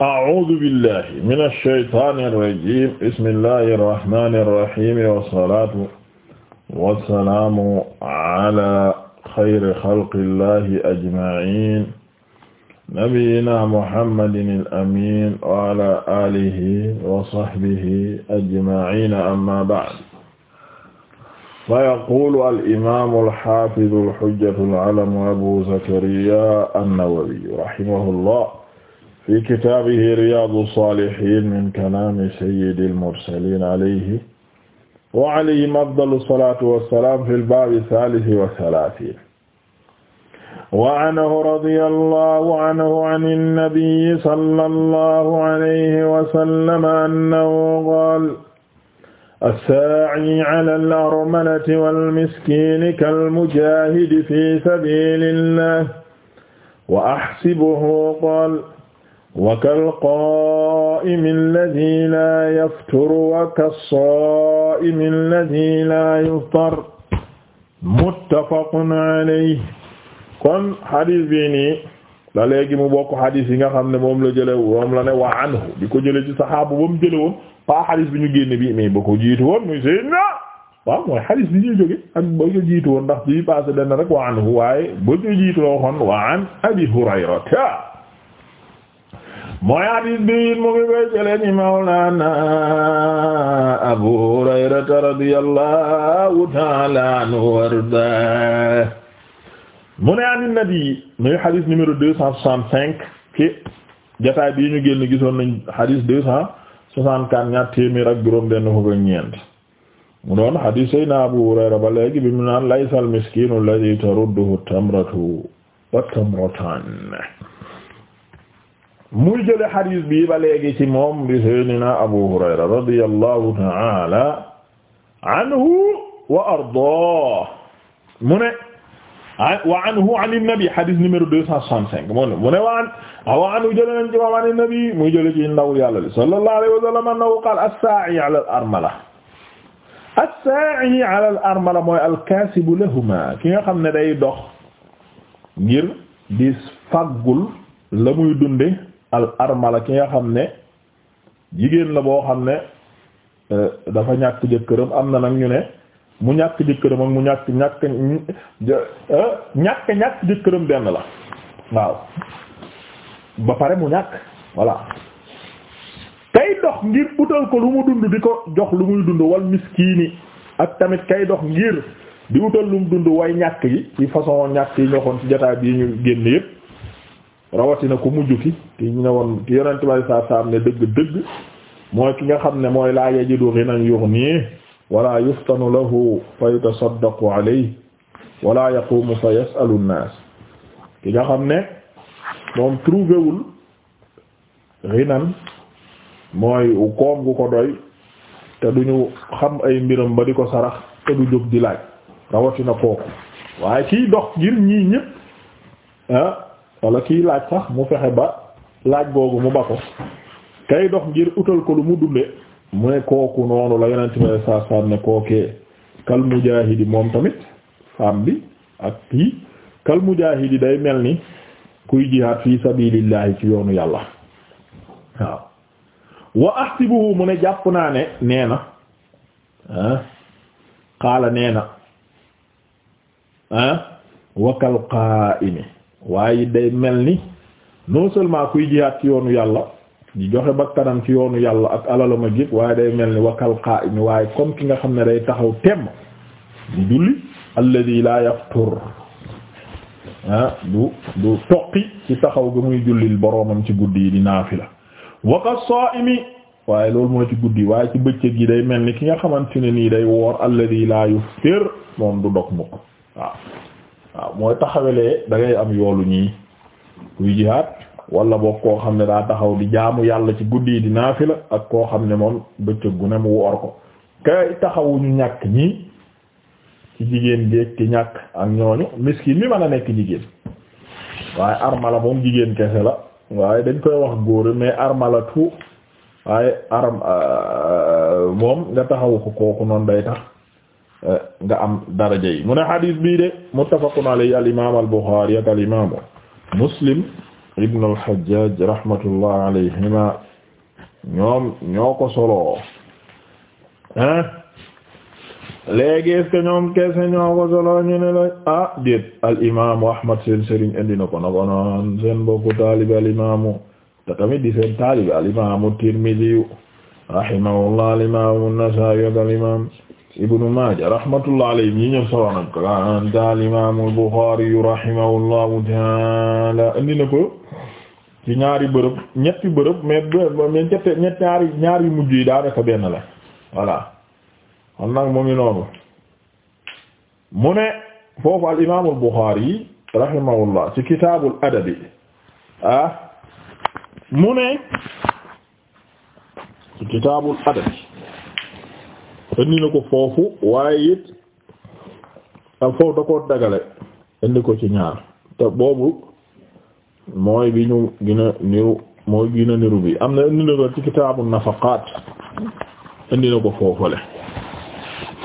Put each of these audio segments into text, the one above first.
a'uuzu billaahi mina shaytaani rajiim bismillaahi rahmaani rahiim wasalaatu wasalaamu ala xayri xalqillaahi ajma'iin nabiyyinaa muhammadin al-amiin wa ala aalihi wa sahbihi ajma'iin amma ba'd فيقول الإمام الحافظ الحجة العلم أبو زكريا النووي رحمه الله fi kitaabihi riyaadu saalihiin min kalaami sayyidil mursaliin alayhi wa alayhim afdalu salaatu wa salaam fil baabi saalisi wa salaasiin. wa anhu radiyallaahu anhu anin nabiyyi sallallaahu alayhi wa sallam annahu qaala as-saa'i alal armalati wal miskiini kal mujaahidi fi sabiilillaahi wa ahsibuhu qaala wakal qaa'imi alladhi laa yaftur wakal saa'imi alladhi laa yuftar muttafaqun alayhi kon hadis bii nii la léegi mu bokk hadis yi nga xam ne moom la jële moom la ne wa anhu di ko jële ci saxaabu ba mu jële woon pas hadis bi ñu génn bi mais ba ko jiitu woon muy sayyidna waaw mooy hadis bi ñuy jóge ak ba ko jiitu woon ndax bii passé dana rek wa anhu waaye ba ko jiitu la waxoon wa an abi hurayrata mooy hadis bi mu ngi koy jëlee Mawlana Abu Hurayrata radiyallahu ta'ala anhu warda mu ne an nabi muy hadis numéro deux cent soixante-cinq ci jotaay bii ñu génn gisoon nañ hadis deux cent soixante-quatre ñaar téeméer ak juróom mu doon hadis sayna Abu Hurayra ba léegi bi mu naan laysal miskinu alladhi tarudduhu tamratu wa tamratan muy jële xadiis bi ba léegi ci moom di seydina abu hurayra radiyallahu ta'ala anhu wa ardaah mu ne wa anhu an nabi xadiis numéro deux cent soixante-cinq mu ne mu ne wa an wa anhu jële nañ ci moom an nabi muy jële ci ndaw yàlla li sallallahu alayhi wa sallam annahu qaala as-saa'i ala al-armala as-saa'i ala al-armala mooy al-kaasibu lahuma ki nga xam ne day dox ngir di faggul la muy dunde al armala ki nga xam ne jigéen la boo xam ne euh, dafa ñàkk jëkkëram am na nag ñu ne mu ñàkk jëkkëram mu ñàkk ñàkk euh, ñàkk ñàkk jëkkëram benn la waaw ba pare mu ñàkk voilà kay dox ngir utal ko lu mu dund di ko jox lu muy dund wal miskiini ak tamit kay dox ngir di utal lum dund way ñàkk yi ci façon ñàkk yi ñoxoon ci jotaay bii ñu génn yépp rawatina ku mujj ki ki ñu ne woon ki yonent bi sallallahu alayhi wasallam ne dëgg-dëgg mooy ki nga xam ne mooy laa yajidu ghinan nii wala yuftanu lahu fa yutasaddaqu alayhi wala yaqumu fa yasalu an ki nga xam ne moom trouvé wul ghinan mooy koom gu ko doy te du ñu xam ay mbiram ba di ko sarax te du jóg di laaj rawatina kooku waaye kiy dox ngir ñii ñépp ah, wala kii laaj sax mu fexe ba laaj googu mu ba kay dox ngir utal ko lu mu dunde mu ne kooku noonu la yonent bi saa saa ne kookee kal moom tamit femme bi ak kii kal day mel ni kuy jihaad fi sabilillahi ci yoonu yàlla waaw wa ahsibuhu mu ne jàpp naa ne nee na ah qaala nee na ah waaye day mel ni non seulement kuy jihaat ci yoonu yàlla di joxe bakkanam ci yoonu yàlla ak alalama gépp waaye day mel ni wakal qaa'im waaye comme ki nga xam ne day taxaw temm di julli alladhi la yaftur ah du du toqi ci taxaw ga muy jullil boroomam ci guddi yi di naafila waka saa'imi waaye loolu mooy ci guddi waaye ci bëccëg yi day mel ni ki nga xamante ne nii day woor alladhi la yuftir moom du dog mukk waaw mooy taxawelee da ngay am yoolu ñii kuy jihaad wala boog koo xam ne daa taxaw di jaamu yàlla ci guddi yi di naafila ak koo xam ne moom bëccëg gu ne mu woor ko kay taxawuñu ñàkk ñii ci jigéen géeg ki ñàkk ak ñooñu miskin bi mën a nekk jigéen waaye armala moom jigéen kese la waaye dañ koy wax góor mais armala tout waaye arm euh, moom nga taxawu ko kooku noonu day tax Eh, nga am daraja yi mu ne hadis bii de muttafaqun alayhi al imam al Bukhari ak al imam Muslim ibn al Hajjaj rahmatullah alayhima ñoom ñoo ko soloo hein eh? léegi est-ce que ñoom kese ñoo ko soloo ñu ne la ah déet al imaamu Ahmad seen sëriñ indi na ko na ko noon seen bokku taalibi al imaamu te tamit di seen taalibi al imaamu Tirmidhi rahimahullah al imaamu Nasaa'i ak al imam ibnu Maaja rahmatullah alayhi ñi ñëpp solo nañ ko al imaam al Buxaari rahimahullahu indi na ko ci ñaari bërëb ñetti bërëb mais mais ñetti ñetti ñaari ñaari mujj yi daanaka benn la voilà kon nag mu ngi noonu mu ne foofu al imaam al Buxaari ci kitaabul adabi ah mu ne ci kitaabul adabi indi na ko foofu waaye it foofu da ko dagale indi ko ci ñaar te boobu mooy bi ñu gën a niru mooy gën a niru bi am na indi na ko ci kitaabu nafaqaat indi na ko foofule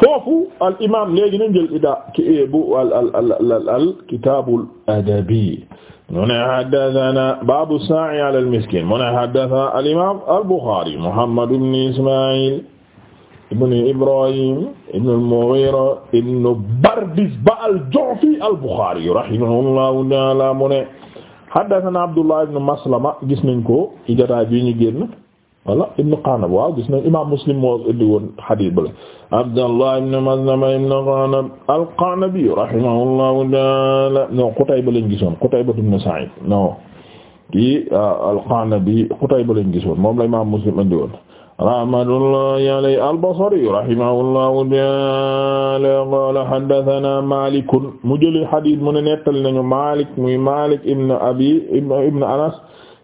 foofu al imaam léegi nañ jël ida ki bu al al al al kitaabul adabi mu ne haddathana baabu saa'i ala al miskiin mu ne haddathana al imaam al buxaari muhammad ibn ismaa'il ibn Ibrahim ibn al-Mughira ibn Bardizbah al-Ju'fi al-Bukhari rahimahullahu ta'ala mu ne haddathana Abdullah ibn Maslama gis nañ ko ci jotaay bi ñu génn wala ibn Qanab waaw gis nañ imam Muslim moo indi woon hadith bala Abdullah ibn Maslama ibn Qanab al-Qanabi rahimahullahu ta'ala non Qutayba lañ gisoon Qutayba ibn Sa'id non kii ah, al-Qanabi Qutayba lañ gisoon moom la imam Muslim indi woon rahmatullahi alayhi al-Basri rahimahullahu ta'ala qala haddathana Malik mu jëli hadith mu ne nettali nañu Malik muy Malik ibn Abi ibn Anas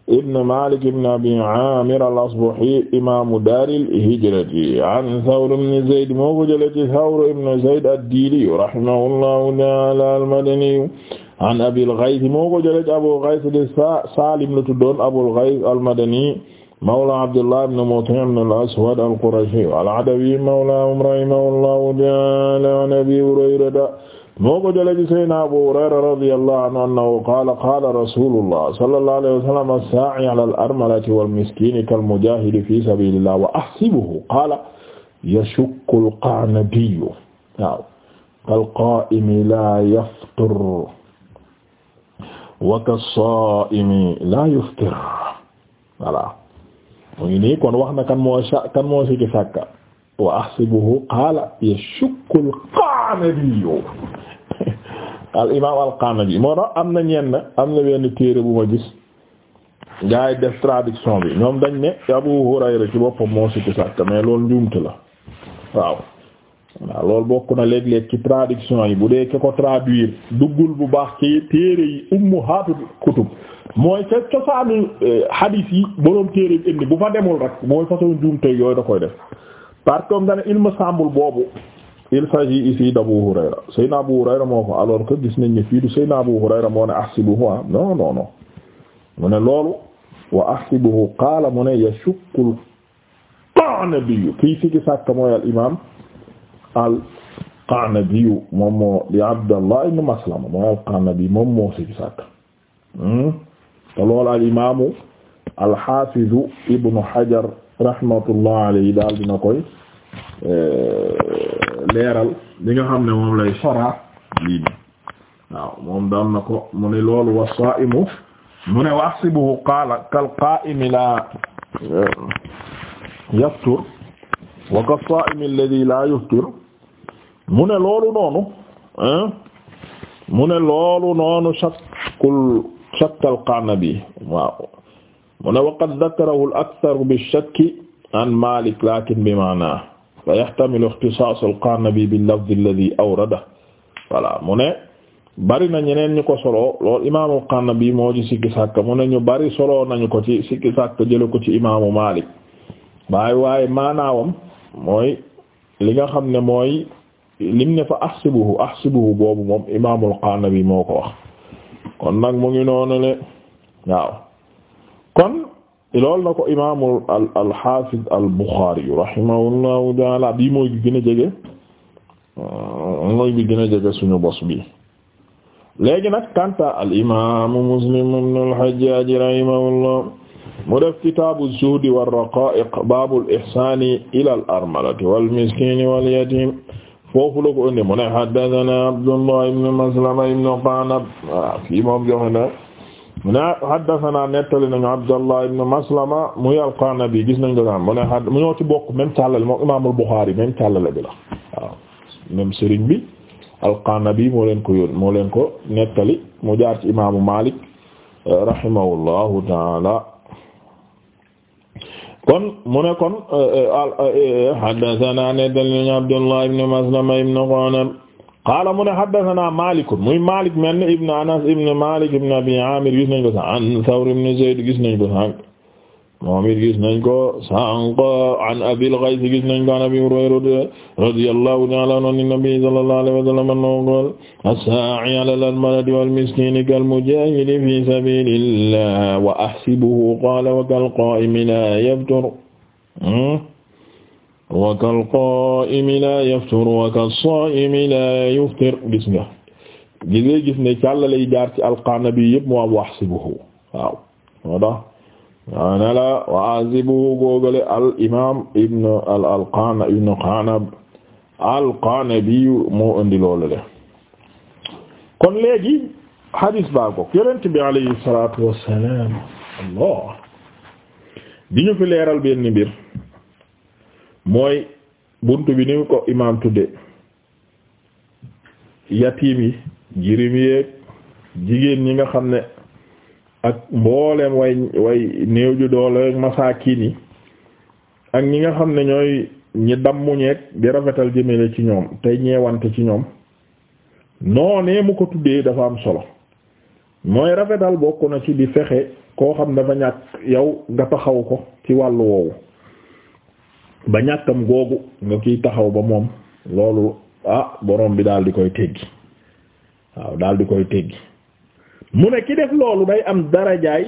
ibn Malik ibn Abi Amir al-Asbahi imam dar al-hijrati an Thawr ibn Zayd moo ko jële ci Thawr ibn Zayd ad-Dili rahimahullahu ta'ala al-Madani an Abi al-Ghayth moo ko jële ci Abu Ghayth de Salim la tuddoon Abu al-Ghayth al-Madani mawla Abdullah ibn Muti' ibn al-Aswad al-Qurashi al-Adawi mawlaahum rahimahullahu ta'ala an Abi Hurayrata moo ko jëlee ci Seydina Abu Hurayra radiyallahu anhu annahu qaala qaala rasuulullah sallallahu alayhi wa sallam as-saa'i ala al-armalati wal-miskiini kal-mujaahidi fi sabiilillah wa ahsibuhu qaala yashukku al-qa'nabiyyu waaw kal-qaa'imi laa yaftur wa kas-saa'imi laa yuftir voilà mu ngi nii kon wax na kan moo sa kan moo sikki sàkka wa ahsibuhu qaala yashukku al al imaam al-Qanabi moo tax am na ñenn am na benn téere bu ma gis gaa def tradition bi ñoom dañ ne Abu Hurayra ci boppam moo sikki sàkka mais loolu njuumte la waaw waaw loolu bokk na léeg-léeg ci traduction yi bu dee ke ko traduire duggul bu baax ci téere yi ummuhaatu kutub mooy ca cosaanu eh, hadith yi boroom téere bi indi bu fa demul rek mooy façon juumte yooyu da koy def parce que nga ne boobu il s'agit ici d'Abu Hurayra Seydina Abu Hurayra moo ko alors que gis nañ ne fii du Seydina Abu Hurayra moo ne ahsibuhu ah, non non non mu ne loolu wa ahsibuhu qaala mu ne yashukku al-qa'nabi kii fi ki sàkk mooy al imam al-Qanabi moom moo di Abdallah ibn Maslama mooy al-Qanabi moom moo si sàkk hmm? te loolu al-imaamu al-Hafizu Ibn Hajar rahmatullah alayhi daal dina koy eh, leeral li nga xam ne moom lay sora lii nii waaw moom daan na ko mu ne loolu wa sa'imu mu ne wa ahsibuhu qaala kal qaa'imi laa eh, yaftur wa ka saa'imi alladhi laa yaftur mu ne loolu noonu mu ne loolu noonu shakkul shakkal Qanabi waaw ne waqad dhakarahu al-akthar bi shakki an Malik lakin bi maana fa yahtamilu ikhtisas al-Qanabi bil lafz alladhi mu ne bari na ñeneen ñu ko solo lool imaamu Qanabi moo ci sikki sàkk mu ne ñu bari solo nañu ko ci sikki sàkk jële ko ci imaamu Malik waaye waaye maanaawam mooy li nga xam ne mooy lim ne fa ahsibuhu ahsibuhu boobu moom imaamul Qanabi moo ko wax kon nag mu ngi noonu le waaw kon loolu na ko imaamul al al al Bukhari rahimahullahu ta'ala bii bi a jege mooy bi gën euh, jege suñu bos bi léegi nag kanta al imaamu Muslim ibn al Hajjaj rahimahullah mu def kitaabu zuhdi war raqaa'iq baabul ihsaani ilal armalati wal miskiini wal yatiim foofu la ko indi mu ne haddathana Abdullah ibn Maslama ibn Qanab fii moom joxe na mu ne haddathana nettali nañu Abdullah ibn Maslama muy al-Qanabi gis nañ ko sax mu ne a mu ñoo Imam al-Bukhari même càllale bi sëriñ bi al-Qanabi moo leen ko mu jaar ci imaamu kon mu ne kon euh, euh, euh, haddathana nettali Abdullah ibn Maslama ibn Qanab qaala mu ne haddathana Maalik muy Maalik mel ni ibn Anas ibn Maalik ibn Abi Aamir gis nañ ko sax an Thawr ibn Zayd gis nañ ko sax moom it gis nañ ko sànq an Abil Ghays gis nañ ko an Abi Hurayra radiyallahu ta'ala anhu an-nabi sallallahu alayhi wa sallam annahu qala as-sa'i 'ala al-maradi wal-miskini kal-mujahidi fi sabilillah wa ahsibuhu qala wa kal-qa'imi la hmm? yaftur wa kal-qa'imi la yaftur wa kas-sa'imi la yuftir gis nga gis nga gis ne càllala yi jaar ci alqaana bi yëpp mu am ahsibuhu waaw waane la wa azibu googale al imaam ibn al alqana ibn qanab alqanabi moo indi loolu de kon léegi hadis baa ko yonent bi alayhi salaatu wassalaam bi ñu fi leeral benn mbir mooy buntu bi ni ko imaam tudde yatiim yi jirim ñi nga xam ne ak mboolem way way néew ju doole masaakin yi ak ñi nga xam ne ñooy ñi dammu bi rafetal rafetal jëmale ci ñoom tey ñeewante ci ñoom noonee mu ko tuddee dafa am solo mooy rafetal bokk na ci di fexe koo xam dafa ñàkk yow nga taxaw ko ci wàll woowu ba ñàkkam googu nga kiy taxaw ba moom loolu ah borom bi daal di koy teggi waaw daal di koy teggi mu ne ki def loolu day am darajaay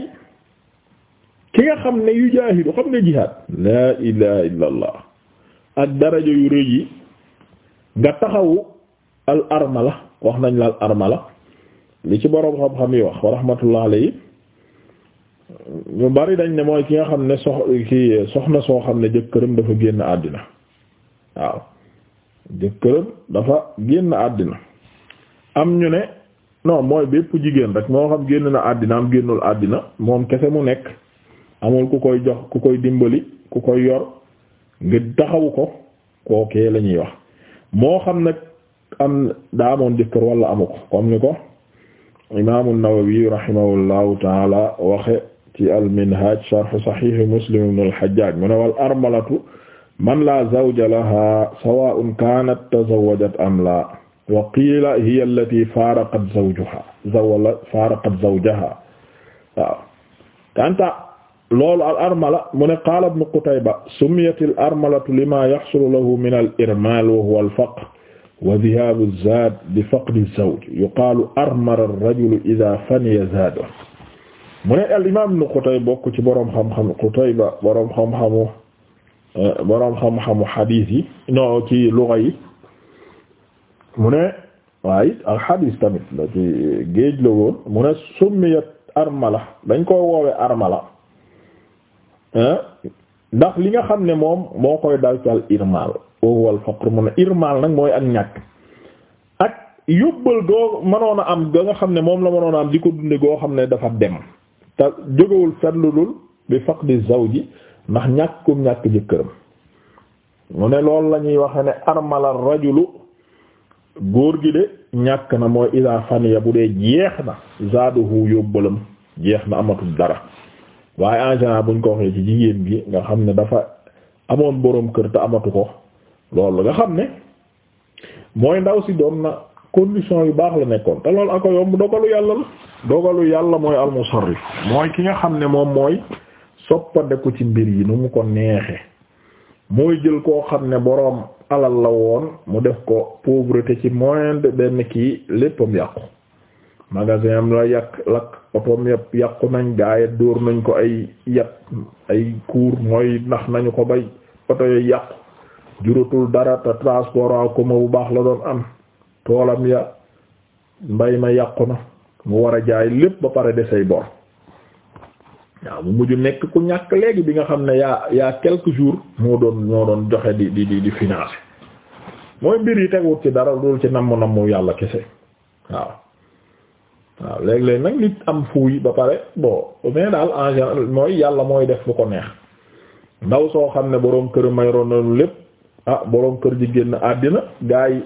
ki nga xam ne yu jaahidu xam ne jihaad laa ilaha illa ak daraja yu rëy yi nga taxawu al la wax nañ la al armala li ci boroom xam-xam yi wax wa rahmatullah alayhi ñu bari dañ ne mooy ki nga xam ne sox ki soxna soo xam ne jëkkëram dafa génn àddina waaw jëkkëram dafa génn àddina am ñu ne non mooy bépp jigéen rek moo xam génn na àddina am génnul àddina moom kese mu nekk amul ku koy jox ku koy dimbali ku koy yor nga taxawu ko kookee lañuy ñuy wax moo xam nag am daa amoon jëkkër wala amu ko comme ni ko imaamu Nawawi rahimahullahu taala waxe ci al sharh Sahih Muslim ibn al mu ne wal armalatu man laa zawja laha sawa'un kanat tazawwajat am la wa qiila hiya allati faaraqat zawjuha zawala faaraqat zawjaha waaw kanta loolu al armala mu ne qaala ibnu Qutayba summiyat al armalatu lima yaxsulu lahu min al irmaal wa huwa al faqr wa dhihaabu zaad bi faqdi zawj yuqaalu armala ar-rajulu idhaa faniya zaaduhu mu ne al imaam ibnu Qutayba bokk ci boroom xam-xam Qutayba boroom xam-xamu eh, boroom xam-xamu hadiis yi no ci lugha yi mu ne waaye it ak xadiis tamit la ci géej la woon mu ne summiyat armala dañ koo woowee armala ndax li nga xam ne moom moo koy dal ci al irmal wal faqr mu ne irmal nag mooy ak ñàkk ak yóbbal goo mënoon a am ga nga xam ne moom la mënoon am di ko dunde goo xam ne dafa dem te jógewul fetlu bi faqdi zawji ndax ñàkkum ñàkk jëkkëram mu ne loolu la ñuy waxe ne armala rajulu góor gi de ñàkk na mooy ida faniya bu dee jeex na zaaduhu yóbbalam jeex na amatul dara waaye en buñ ko waxee ci jigéen gi nga xam ne dafa amoon boroom kër te amatu ko loolu nga xam ne mooy ndaw si doon na condition yu baax la nekkoon te loolu ako yomb dogalu yàlla la dogalu yàlla mooy almusarrif mooy ki nga xam ne moom mooy soppandeku ci mbir yi nu mu ko neexe mooy jël koo xam ne boroom alal la woon mu def ko pauvreté ci moyen de benn kii léppam yàqu magasin am la yàq lakk otoom yëpp yàqu nañ gaayet dóor nañ ko ay yat ay kuur mooy ndax nañu ko bay oto yooyu yàqu jurótul dara transport en bu baax la doon am toolam ya mbay ma yàqu na mu war a jaay lépp ba pare de say bor waaw bu mujj nekk ku ñàkk léegi bi nga xam ne yaa yaa quelques jours moo doon ñoo doon joxe di di di di financer mooy mbir yi teguwut ci dara loolu ci namm namm yàlla kese waaw waaw léeg-léeg nag nit am fuuy ba pare bon mais daal en général mooy yàlla mooy def lu ko neex ndaw soo xam ne boroom kër may ronoon lépp ah boroom kër ji génn àddina gaa yi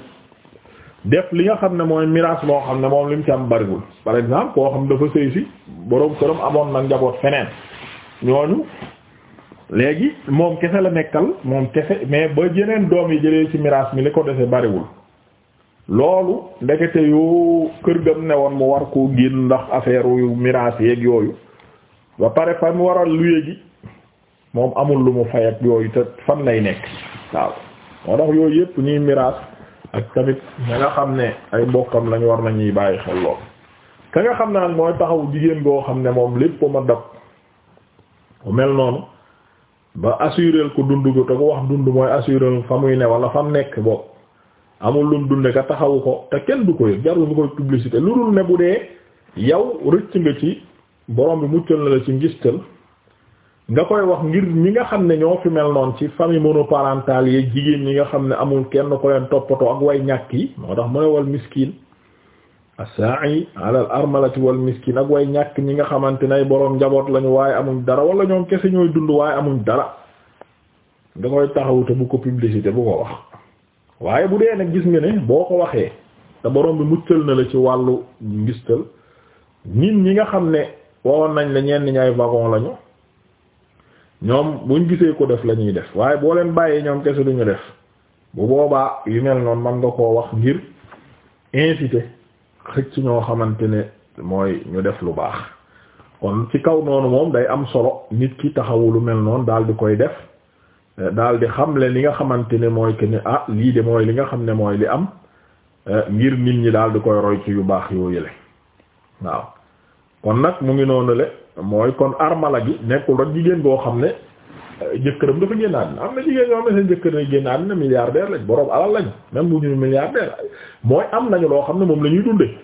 def li nga xam ne mooy miraas moo xam ne moom li mu ci am bariwul par exemple xam dafa sëy boroom këram amoon na njaboot feneen ñooñu léegi moom kese la nekkal moom kese mais ba jeneen doom yi jëlee ci miraas mi li ko dese bariwul loolu ndekete yoo kër gam ne woon mu war koo génn ndax affaire yu miraas yeeg yooyu pare fa mu waral luye moom amul lu mu fay yooyu te fan lay nekk waaw moo tax yooyu yëpp ñuy miraas ak tamit ña nga xam ne ay mbokkam lañu war nañuy bàyyi xel lool ka nga xam naan mooy taxaw jigéen goo xam ne moom lépp ma dab ku mel noonu ba assuréel ko dund ko te ko wax dund mooy assuréel fa muy ne wala fa mu nekk bopp amul lum dund ka taxawu ko te kenn du ko yëg jarul nga koy publicité lu dul ne bu dee yow rëcc nga ci borom bi muccal na la ci ngistal nga koy wax ngir ñi nga xam ne ñoo fi mel noonu ci famille monoparentale yi jigéen ñi nga xam ne amul kenn ko leen toppatoo ak way ñàkk yi moo tax mu ne wal miskin as-sa'i ala al-armalati wal miskin ak way ñàkk ñi nga xamante ne boroom njaboot lañu waaye amuñ dara wala ñoom kese ñooy dund waaye amuñ dara nga koy taxawu bu ko publicité bu ko wax waaye bu dee nag gis nga ne boo ko waxee te borom bi muccal na la ci wàllu ngistal nit ñi nga xam ne waxoon nañ la ñenn ñaay wagon lañu ñoom ñu gisee ko def la ñuy def waaye boo leen bàyyee ñoom kese duñu def bu boobaa yi mel noon man nga koo wax ngir inciter xëcc ñoo xamante ne mooy ñu def lu baax kon ci kaw noonu moom day am solo nit ki taxawu lu mel noonu daal di koy def daal di xamle li nga xamante ne mooy que ne ah lii de mooy li nga xam ne mooy li am ngir nit ñi daal di koy roy ci yu baax yoo yële waaw kon nag mu ngi noonu le mooy kon armala gi nekkul rek jigéen boo xam ne euh, jëkkëram dafa génn àddina am na jigéen ñoo xam ne seen jëkkër ne génn àddina milliardaire lañ borom alal lañ même bu ñu milliardaire mooy am nañu loo xam ne moom lañuy ñuy dundee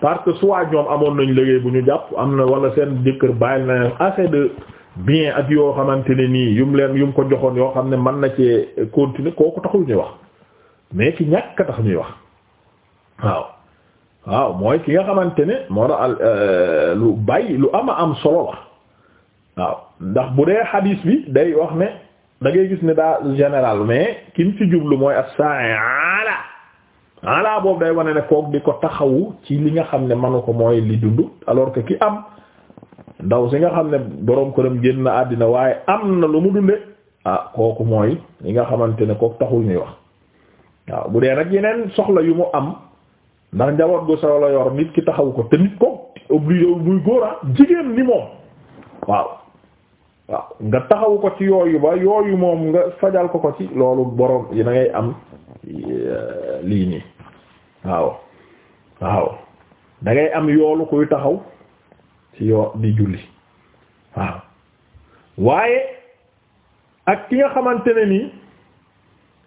parce que soit ñoom amoon nañ liggéey bu ñu jàpp am na wala seen jëkkër bàyyi na assez de bien ak yoo xamante ne nii yum leen yum ko joxoon yoo xam ne mën na cee continuer kooku taxul ñuy wax mais ki ñàkk tax ñuy wax waaw. waaw mooy ki nga xamante ne moo tax euh, lu bàyyi lu ama am solo la waaw ndax bu dee xadiis bi day wax ne da ngay gis ne daa général mais kim ci jublu mooy as-sa'i ala ala boobu day wane ne kook di ko taxawu ci li nga xam ne manu ko mooy li dund alors que ki am ndaw si nga xam ne boroom këram génn na àddina waaye am na lu mu dunde ah kooku mooy li nga xamante ne kook taxul ñuy wax waaw bu dee nag yeneen soxla yu mu am ndax njaboot gu solo la nit ki taxaw ko te nit ko obligé muy góora jigéen ni moom waaw waaw nga taxaw ko ci yooyu ba yooyu moom nga fajal ko ko ci loolu borom yi na ngay am eh, lii nii waaw waaw da am yoolu kuy taxaw ci yoo di julli waaw waaye ak ki nga xamante ne nii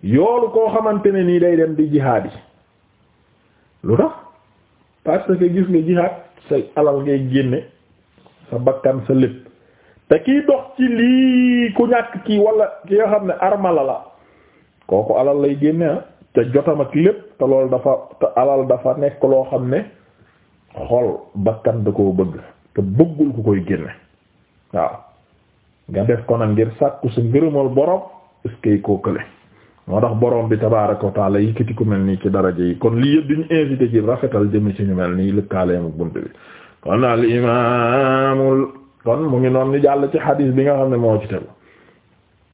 yoolu koo xamante ne nii day dem di jihaad yi lu tax parce que gis nga jihaad sa alal ngay génne sa bakkan sa lépp te kiy dox ci lii ku ñàkk kii walla ki nga xam ne armala la kooku alal lay génne ah te jotam ak lépp te loolu dafa te alal dafa nekk loo xam ne xol bakkan da koo bëgg te bëggul ku koy génne waaw nga def ko nag ngir sàkku sa ngërëmal borom est-ce koo kële moo tax borom bi tabaaraka wa taala yëkkati ku mel nii ci daraja yi kon lii yëpp duñu invité ci rafetal jëm ci ñu mel nii lëkkaaleem ak bunt bi kon al imaamul kon mu ngi noon ni jàll ci xadiis bi nga xam ne moo ci tegu